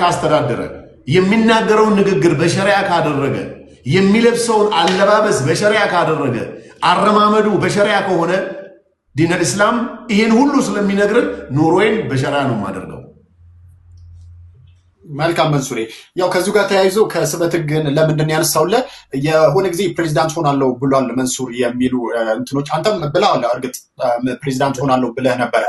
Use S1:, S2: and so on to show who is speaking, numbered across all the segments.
S1: ካስተዳደረ የሚናገረውን ንግግር በሸሪያ ካደረገ የሚለብሰውን አለባበስ በሸሪያ ካደረገ አረማመዱ በሸሪያ ከሆነ ዲነል ኢስላም ይህን ሁሉ ስለሚነግርን ኑሮዬን በሸሪያ ነው የማደርገው።
S2: መልካም መንሱሬ፣ ያው ከዚሁ ጋር ተያይዞ ከስበት ግን ለምንድን ያነሳውለ የሆነ ጊዜ ፕሬዚዳንት ሆናለሁ ብሏል መንሱር የሚሉ እንትኖች አንተም ብለዋል። እርግጥ ፕሬዚዳንት ሆናለሁ ብለህ ነበረ።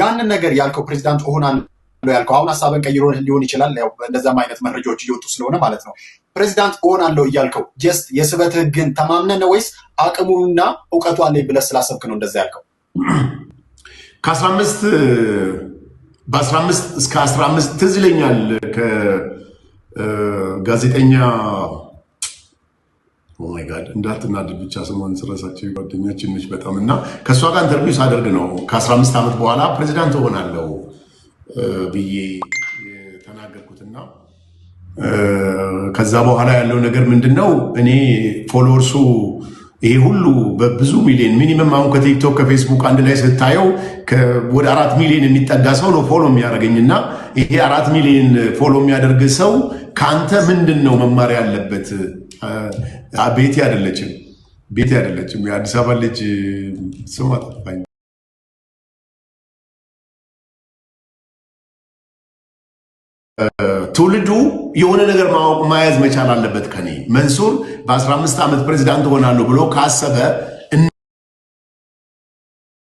S2: ያንን ነገር ያልከው ፕሬዚዳንት ሆናለሁ ነው ያልከው አሁን ሀሳብን ቀይሮ ሊሆን ይችላል። ያው እንደዛም አይነት መረጃዎች እየወጡ ስለሆነ ማለት ነው። ፕሬዚዳንት እሆናለሁ እያልከው ጀስት የስበት ህግን ተማምነ ነው ወይስ አቅሙና እውቀቱ አለኝ ብለህ ስላሰብክ ነው እንደዛ ያልከው?
S1: ከአስራ አምስት በአስራ አምስት እስከ አስራ አምስት ትዝ ይለኛል ከጋዜጠኛ ኦማይ ጋድ እንዳትናድድ ብቻ ስሟን ስረሳቸው ጓደኛችን ነች በጣም እና ከእሷ ጋር ኢንተርቪው ሳደርግ ነው ከአስራ አምስት ዓመት በኋላ ፕሬዚዳንት እሆናለሁ ብዬ ተናገርኩትና ከዛ በኋላ ያለው ነገር ምንድን ነው? እኔ ፎሎወርሱ ይሄ ሁሉ በብዙ ሚሊዮን ሚኒመም አሁን ከቲክቶክ ከፌስቡክ አንድ ላይ ስታየው ወደ አራት ሚሊዮን የሚጠጋ ሰው ነው ፎሎ የሚያደርገኝ እና ይሄ አራት ሚሊዮን ፎሎ የሚያደርግ ሰው ከአንተ ምንድን ነው መማር ያለበት? ቤቴ አይደለችም ቤቴ አይደለችም የአዲስ አበባ ልጅ ስም አጠፋኝ። ትውልዱ የሆነ ነገር ማወቅ መቻል አለበት። ከኔ መንሱር በ15 ዓመት ፕሬዚዳንት ሆናለሁ ብሎ ካሰበ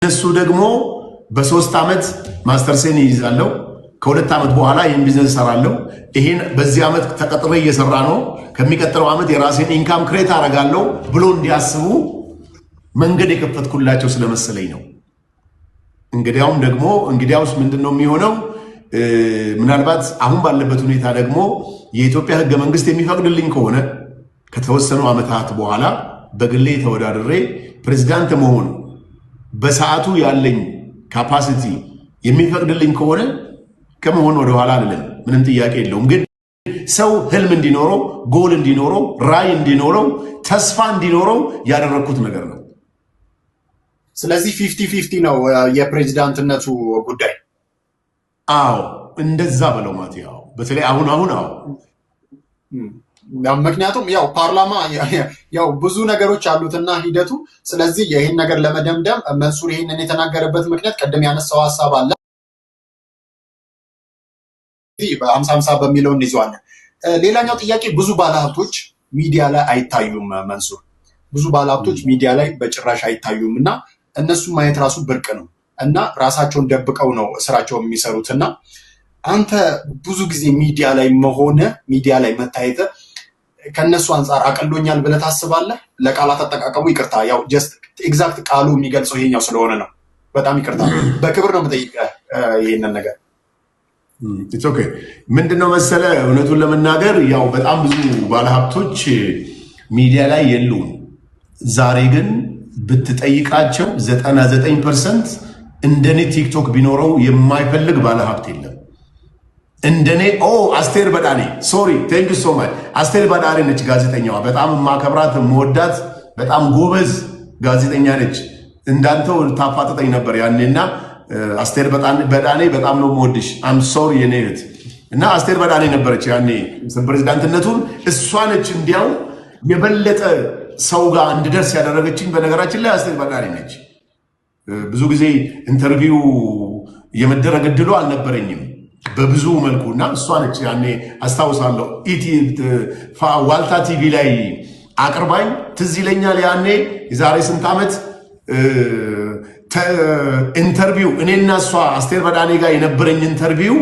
S1: እነሱ ደግሞ በሶስት ዓመት ማስተርሴን ይይዛለሁ፣ ከሁለት ዓመት በኋላ ይህን ቢዝነስ እሰራለሁ፣ ይሄን በዚህ ዓመት ተቀጥሮ እየሰራ ነው፣ ከሚቀጥለው ዓመት የራሴን ኢንካም ክሬት አደርጋለሁ ብሎ እንዲያስቡ መንገድ የከፈትኩላቸው ስለመሰለኝ ነው። እንግዲያውም ደግሞ እንግዲያውስ ምንድን ነው የሚሆነው? ምናልባት አሁን ባለበት ሁኔታ ደግሞ የኢትዮጵያ ህገ መንግስት የሚፈቅድልኝ ከሆነ ከተወሰኑ ዓመታት በኋላ በግሌ ተወዳድሬ ፕሬዚዳንት መሆን በሰዓቱ ያለኝ ካፓሲቲ የሚፈቅድልኝ ከሆነ ከመሆን ወደኋላ አልልም። ምንም ጥያቄ የለውም። ግን ሰው ህልም እንዲኖረው፣ ጎል እንዲኖረው፣ ራይ እንዲኖረው፣ ተስፋ እንዲኖረው ያደረግኩት ነገር ነው።
S2: ስለዚህ ፊፍቲ ፊፍቲ ነው የፕሬዚዳንትነቱ ጉዳይ
S1: አዎ እንደዛ በለው ማቴ። ያው በተለይ አሁን አሁን አዎ
S2: ምክንያቱም ያው ፓርላማ ያው ብዙ ነገሮች አሉትና ሂደቱ። ስለዚህ ይህን ነገር ለመደምደም መንሱር ይህንን የተናገረበት ምክንያት ቅድም ያነሳው ሀሳብ አለ። በሀምሳ ሀምሳ በሚለው እንይዘዋለን። ሌላኛው ጥያቄ ብዙ ባለሀብቶች ሚዲያ ላይ አይታዩም። መንሱር ብዙ ባለሀብቶች ሚዲያ ላይ በጭራሽ አይታዩም እና እነሱን ማየት ራሱ ብርቅ ነው። እና ራሳቸውን ደብቀው ነው ስራቸው የሚሰሩት እና አንተ ብዙ ጊዜ ሚዲያ ላይ መሆነ ሚዲያ ላይ መታየተ ከነሱ አንጻር አቅሎኛል ብለህ ታስባለህ? ለቃላት አጠቃቀሙ ይቅርታ፣ ያው ጀስት ኤግዛክት ቃሉ የሚገልጸው ይሄኛው ስለሆነ ነው። በጣም ይቅርታ፣ በክብር ነው የምጠይቀህ ይህንን ነገር።
S1: ምንድነው መሰለ፣ እውነቱን ለመናገር ያው በጣም ብዙ ባለሀብቶች ሚዲያ ላይ የሉም። ዛሬ ግን ብትጠይቃቸው ዘጠና ዘጠኝ ፐርሰንት እንደኔ ቲክቶክ ቢኖረው የማይፈልግ ባለ ሀብት የለም። እንደኔ ኦ አስቴር በዳኔ ሶሪ ቴንክ ሶ ማች አስቴር በዳኔ ነች ጋዜጠኛዋ። በጣም ማከብራት መወዳት፣ በጣም ጎበዝ ጋዜጠኛ ነች። እንዳንተው ታፋጥጠኝ ነበር ያኔና አስቴር በዳኔ በጣም ነው መወድሽ። አም ሶሪ የኔ እህት እና አስቴር በዳኔ ነበረች ያኔ ፕሬዚዳንትነቱን እሷ ነች እንዲያው የበለጠ ሰው ጋር እንድደርስ ያደረገችኝ። በነገራችን ላይ አስቴር በዳኔ ነች። ብዙ ጊዜ ኢንተርቪው የመደረግ እድሉ አልነበረኝም በብዙ መልኩ እና እሷ ነች ያኔ አስታውሳለሁ ዋልታ ቲቪ ላይ አቅርባኝ ትዝ ይለኛል። ያኔ የዛሬ ስንት ዓመት ኢንተርቪው እኔና እሷ አስቴር በዳኔ ጋር የነበረኝ ኢንተርቪው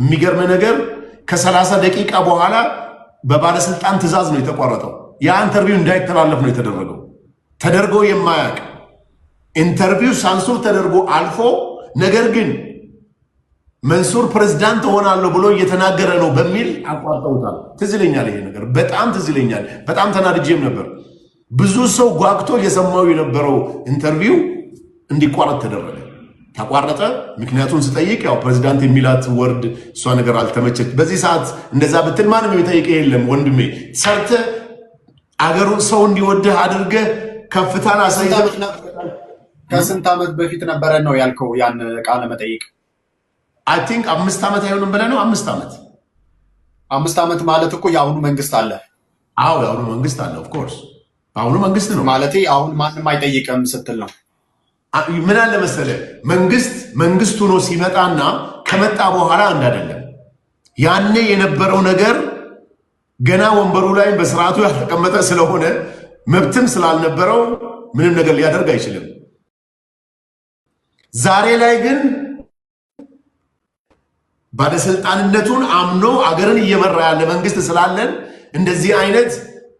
S1: የሚገርም ነገር ከሰላሳ ደቂቃ በኋላ በባለስልጣን ትዕዛዝ ነው የተቋረጠው። ያ ኢንተርቪው እንዳይተላለፍ ነው የተደረገው ተደርጎ የማያውቅ ኢንተርቪው ሳንሱር ተደርጎ አልፎ ነገር ግን መንሱር ፕሬዝዳንት እሆናለሁ ብሎ እየተናገረ ነው በሚል
S2: አቋርጠውታል።
S1: ትዝ ይለኛል፣ ይሄ ነገር በጣም ትዝ ይለኛል። በጣም ተናድጄም ነበር። ብዙ ሰው ጓግቶ እየሰማው የነበረው ኢንተርቪው እንዲቋረጥ ተደረገ። ተቋረጠ። ምክንያቱን ስጠይቅ ያው ፕሬዚዳንት የሚላት ወርድ እሷ ነገር አልተመቸች። በዚህ ሰዓት እንደዛ ብትል ማንም የሚጠይቅ የለም ወንድሜ። ሰርተ አገሩን ሰው እንዲወድህ አድርገህ ከፍታን አሳይተ
S2: ከስንት ዓመት በፊት ነበረ ነው ያልከው? ያን ቃለ መጠይቅ
S1: አይ ቲንክ አምስት ዓመት አይሆንም ብለህ ነው? አምስት ዓመት
S2: አምስት ዓመት ማለት እኮ የአሁኑ መንግስት አለ።
S1: አዎ የአሁኑ መንግስት አለ። ኦፍኮርስ አሁኑ መንግስት ነው
S2: ማለት አሁን ማንም አይጠይቅም ስትል ነው።
S1: ምን አለ መሰለህ መንግስት መንግስት ሆኖ ሲመጣና ከመጣ በኋላ አንድ አይደለም። ያኔ የነበረው ነገር ገና ወንበሩ ላይ በስርዓቱ ያልተቀመጠ ስለሆነ መብትም ስላልነበረው ምንም ነገር ሊያደርግ አይችልም። ዛሬ ላይ ግን ባለስልጣንነቱን አምኖ አገርን እየመራ ያለ መንግስት ስላለን እንደዚህ አይነት